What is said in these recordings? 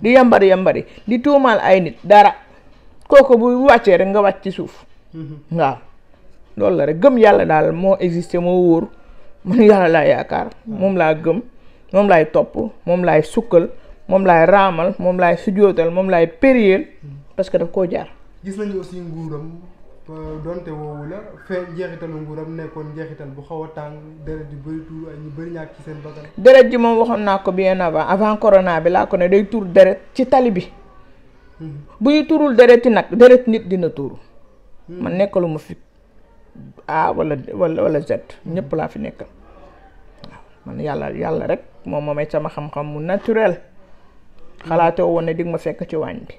di yambari yambari di tuumaal ay nit dara kooku bu wàccee rek nga wàcc ci suuf mm-hmm. waaw loolu la rek gëm yàlla daal moo existé moo wóor man yàlla laa yaakaar mm-hmm. moom laa gëm moom laay topp moom laay sukkal moom laay raamal moom laay sujootal moom laay périel mm-hmm. parce que daf koo jaar gis nañu aussi nguuram Euh, donte woowu la fee njeexitalu nguuram nekkoon njeexital bu xaw a tàng deret yu bëri tuur ay ñu bëri ñàkk ci seen bakkan deret ji moom waxoon naa ko bien avant avant corona bi laa ko ne day tuur deret ci tali bi hmm. bu ñu tuurul deret yi nag deret nit dina tuuru hmm. man nekkalu ma fi A wala wala wala Z hmm. ñëpp laa fi nekkal waaw man yàlla yàlla rek moom ma may sama xam-xam mu naturel xalaatoo woon ne dig ma fekk ci waañ bi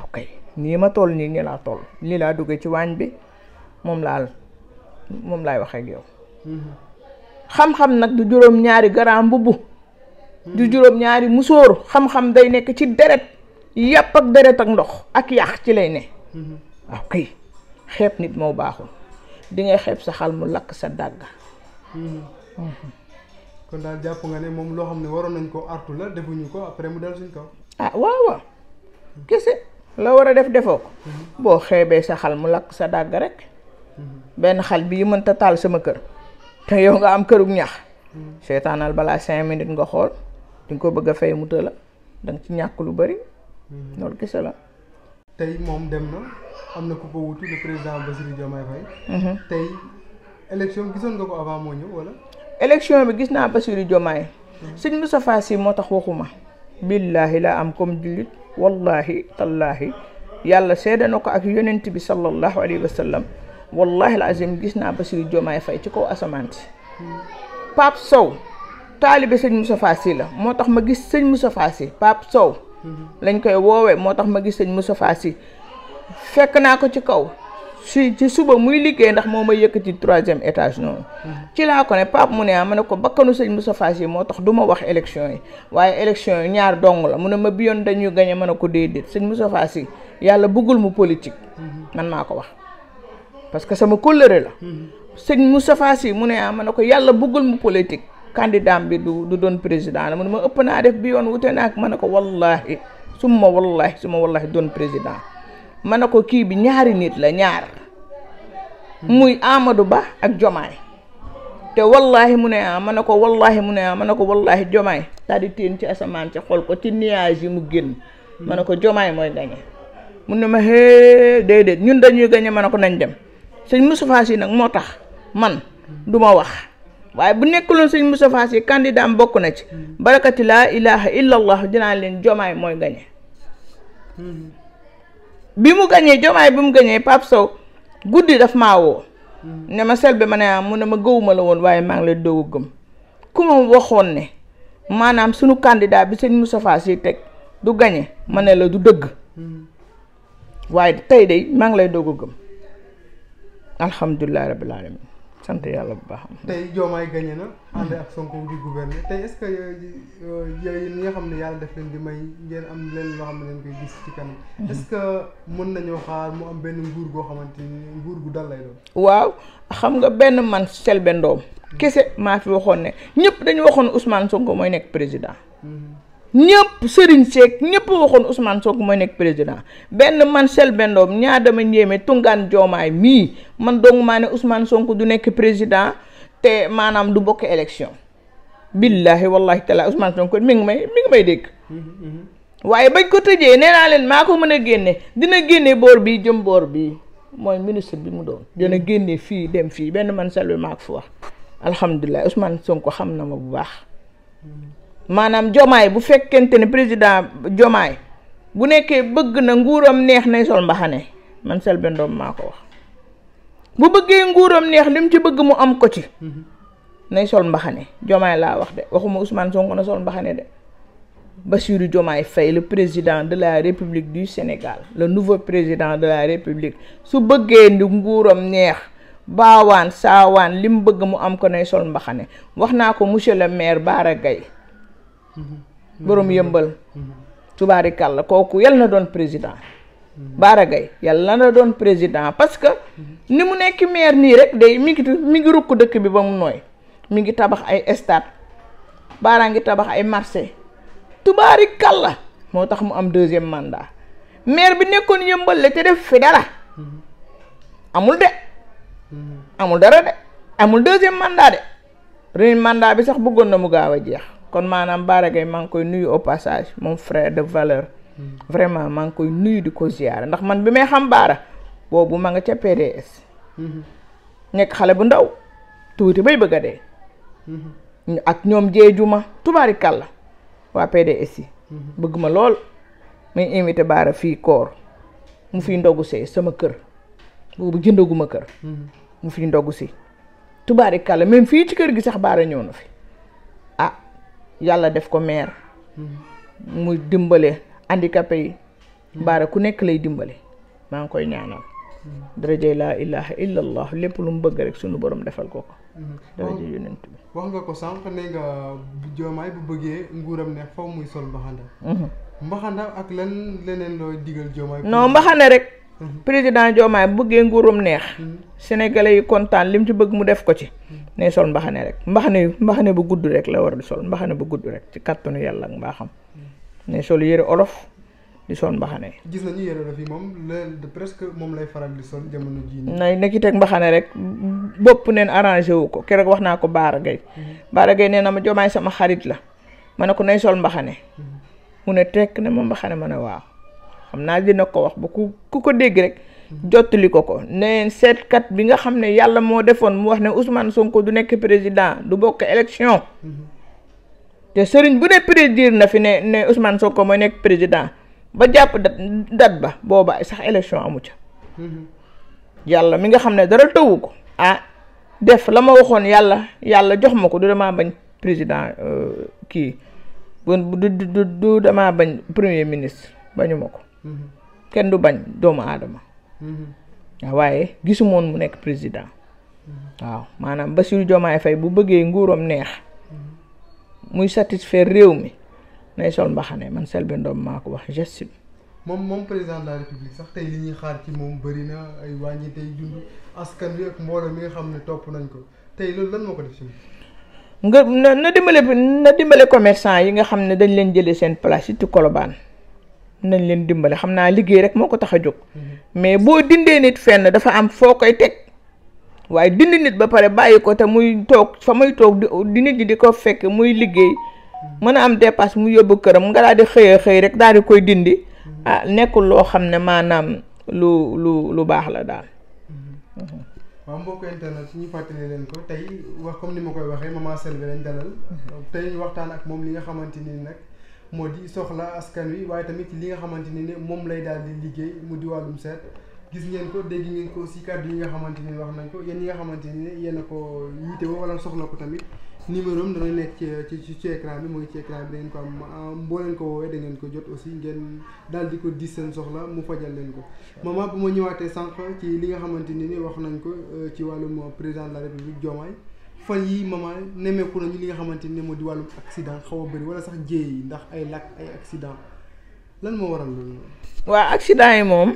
Oke, kay ni ma tol ni ni la tol ni la duggé ci wañ bi mom laal mom lay wax ak yow. xam-xam nak du juroom ñaari garaam bubu du juroom ñaari musóor xam-xam day nek ci deret yap ak deret ak ndox ak yaax ci lay ne. waaw kay xép nit mo baaxul di nga xép sa xal mu lak sa dàgg. kon daal japp nga ne mom lo nañ ko artu la defuñu ko après mu dal suñ ko ah waaw waaw la war a def defoo ko boo xeebee sa xal mu lakk sa dàgg rek benn xal mën mënta taal sama kër te yow nga am kërug ñax seetaanal balaa cinq minutes nga xool di nga ko bëgg a fay mu tëla danga ci ñàkk lu bari loolu gise la tey moom dem na am na ko wutu président Bassirou Diomaye Faye mhm. gisoon nga ko avant moo ñëw wala élection bi gis naa Bassirou Diomaye mhm. sëñ Moustapha Sy moo tax waxuma billaahi laa am comme jullit wallahi tallahi yàlla seede na ko ak yonent bi sallallahu alayhi wa sallam wallahi gis naa ba Bassirou Diomaye fay ci kaw asamaan si Pape Sow taalibe sëñ Moustapha Sy la moo tax ma gis sëñ Moustapha Sy Pape Sow mhm. lañ koy woowee moo tax ma gis sëñ Moustapha Sy fekk naa ko ci kaw si ci suba muy liggéey ndax moo ma yëkkati troisième étage noonu. Mm-hmm. ci laa ko ne Pape mu ne ah ma ko bakkanu sëñ Moustapha moo tax duma wax élection yi waaye élection yi ñaar dong la mu ne ma bi yoon dañuy gañe man ne ko déedéet sëñ Moustapha Sy yàlla bëggul mu politique. Mm-hmm. man maa ko wax parce que sama kóllëre la. Mm-hmm. sëñ Moustapha Sy mu ne am ah, ma ne ko yàlla bëggul mu politique. candidat bi du du doon président la mu ne ma ëpp naa def bi yoon wute naa ak ma ne ko wallaahi suma wallaahi suma wallaahi doon président. man ne ko kii bi ñaari nit la ñaar muy Amadou Ba ak Jomaay te wallaahi mu ne ah man ne ko wallaahi mu ne ah ma ne ko wallaahi ah, Jomaay daal di teen ci asamaan ci xool ko ci nuage yi mu génn ma ne ko Jomaay mooy gañe mun ne ma hee déedéet ñun dañuy gañe ma ne ko nañ dem sëñ Moustapha yi nag moo tax man du ma wax waaye bu nekk nekkuloon sëñ Moustapha yi candidat am bokk na ci barakati laa ilaha illa allah dinaa leen Jomaay mooy gañe bi mu gañee jomaay bi mu gañee Pape Sow guddi dafa maa woo hmm. ne ma Selbé ma ne ah mu ne ma gëwuma la woon waaye maa ngi lay doog gëm ku ma waxoon ne maanaam sunu candidat bi sëñ Moustapha Sy teg du gañe ma ne la du dëgg hmm. waaye tey de maa ngi lay doog a gëm alhamdulilah rabbil alamin sant yàlla bu baax. tey Diomaye gagné na. ànd ak Sonko di gouverner tey est-ce que yooyu ñi nga xam ne yàlla def leen di may ngeen am leen loo xam ne leen koy gis ci kanam. Mhm. est-ce que mën nañoo xaar mu am benn nguur goo xamante ni nguur gu dal lay doon. waaw xam nga benn man Selbé Ndom. Mhm. kese maa fi waxoon ne ñëpp dañu waxoon Ousmane Sonko mooy nekk président. Mhm. ñëpp Serigne Seck ñëpp waxoon Ousmane Sonko mooy nekk président benn man Selbé Ndom ñaa dama njéeme tungaan joomaay mii man dong maa ne Ousmane Sonko du nekk président te maanaam du bokk élection billahi wallahi taala Ousmane Sonko mi ngi may mi ngi may dégg waaye bañ ko tëjee nee leen maa ko mën a génne dina génne boor bii jëm boor bii mooy ministre bi mu doon dina génne fii dem fii benn man Selbé maa ko fa wax alhamdulilah Ousmane Sonko xam na bu baax maanaam jomaay bu fekkente ne président jomaay bu nekkee bëgg na nguuram neex nay sol mbaxane man Selbé Ndom maa ko wax bu bëggee nguuram neex li ci bëgg mu am ko ci nay sol mbaxane jomaay laa wax de waxuma Ousmane Sonko na sol mbaxane de Bassirou Diomaye Faye le président de la République du Sénégal le nouveau président de la République su bëggee ndi nguuram neex baawaan saawaan li mu bëgg mu am ko nay sol mbaxane wax naa ko monsieur le maire Bara Gaye borom yëmbal tubaarikàlla kooku yal na doon président Bara Gaye yàlla na doon président parce que ni mu nekk maire nii rek day mi mingi mi ngi rukk dëkk bi ba mu nooy mi ngi tabax ay stade Bara ngi tabax ay marché tubaarikàlla moo tax mu am deuxième mandat maire bi nekkoon yëmbal la te def fi dara amul de amul dara de amul deuxième mandat de premier mandat bi sax bëggoon na mu gaaw a jeex kon maanaam baara Gaye maa ngi koy nuyu au passage mon frère de valeur. Hmm. vraiment maa ngi koy nuyu di ko ziyaara ndax man bi may xam Bara boobu ma nga ca PDS. Hmm. nekk xale bu ndaw tuuti bay bëgg a dee. Hmm. ak ñoom jeeju ma tubaari kàlla waa PDS yi. bëgg ma lool may invité Bara fii koor mu fi ndogu see sama kër boobu jëndaguma kër. mu fiy ndogu si tubaari kàlla même fii ci kër gi sax Bara ñëw na fi. yàlla def ko maire muy dimbale handicapé yi baara ku nekk lay dimbale maa ngi koy ñaanal daraje laa ilaha illallah lépp lu mu bëgg rek sunu borom defal ko ko daraje yonent bi wax nga ko sànq ne nga joomaay bu bëggee nguuram ne faw muy sol mbaxanda mhm. ak lan leneen looy digal joomaay non mbaxanda rek président joomaay bu bëggee nguuram neex mhm. sénégalais yi kontaan li mu ci bëgg mu def ko ci mhm. ne sol mbaxane rek mbaxane mbaxane bu gudd rek la war di sol mbaxane bu gudd rek ci kàttanu yàlla ak mbaaxam ne sol yëre olof di sol mbaxane. gis nañu yëre yi moom de presque moom lay faral di sol jamono jii. na na ki teg mbaxane rek bopp neen arrangé wu ko keroog wax naa ko Baara Gueye. Mhm. Baara Gueye nee na ma jomaay sama xarit la ma ne ko nay sol mbaxane. Mhm. mu ne tekk ne ma mbaxane ma ne waaw xam naa a ko wax ba ku ku ko dégg rek. jottali ko ko set kat bi nga xamne yalla mo defone mu wax ne Ousmane Sonko du nek president du bok election te serigne bu ne prédire na fi ne ne Ousmane Sonko mo nek president ba japp dat ba boba sax election amu ca yalla mi nga xamne dara tawuko ah def lama waxone yalla yalla jox mako du dama bañ président euh, ki du du du dama bañ premier ministre bañu mhm. Ken du bañ doomu adamama Mm-hmm. Ah, waaye gisumoon mu nekk président mm-hmm. waaw maanaam Bassirou Diomaye Faye bu bëggee nguuram neex mm-hmm. muy satisfaire réew mi nay sol mbaxane man Selbé Ndom maa ko wax geste bi moom moom président de la république sax tey li ñuy xaar ci moom bëri na ay wàññi tey dund askan wi ak mbooloo mi nga xam ne topp nañ ko tey loolu lan moo ko def si nga na dimbale na dimbale commerçant yi nga xam ne dañ leen jëlee seen place yi ci nañ leen dimbali xam naa liggéey rek moo ko tax a jóg mhm. mais boo dindee nit fenn dafa am foo koy teg waaye dindi nit ba pare bàyyi ko te muy toog samay toog di nit ñi di ko fekk muy liggéey mhm. mën a am dépasse mu yóbbu këram nga daal di xëy xëy rek daal di koy dindi mhm. ah nekkul loo xam ne maanaam lu lu lu baax la daal waaw mbokk internet ñu fàttali leen ko tey wax comme ni ma koy waxee maman Selbé lañ dalal tey waxtaan ak moom li nga xamante ni nag moo di soxla askan wi waaye tamit li nga xamante ni ne moom lay daal di liggéey mu di wàllum seet gis ngeen ko dégg ngeen ko si kàddu yi nga xamante ni wax nañ ko yéen ñi nga xamante ni yéen a ko yiitewoo wala soxla ko tamit numéro am dana nekk ci ci ci écran bi mooy ci écran bi da ko am ah, boo leen ko woowee da ngeen ko jot aussi ngeen daal di ko di seen soxla mu fajal leen ko. maman bu ma ñëwaatee sànq ci li nga xamante ni wax nañ ko euh, ci wàllum président la république Diomaye. fan yi mama nemmeeku nañu li nga xamante ne moo di wàllum accident xaw a bëri wala sax jéey yi ndax ay lakk ay accident lan moo waral waa waaw accident yi moom.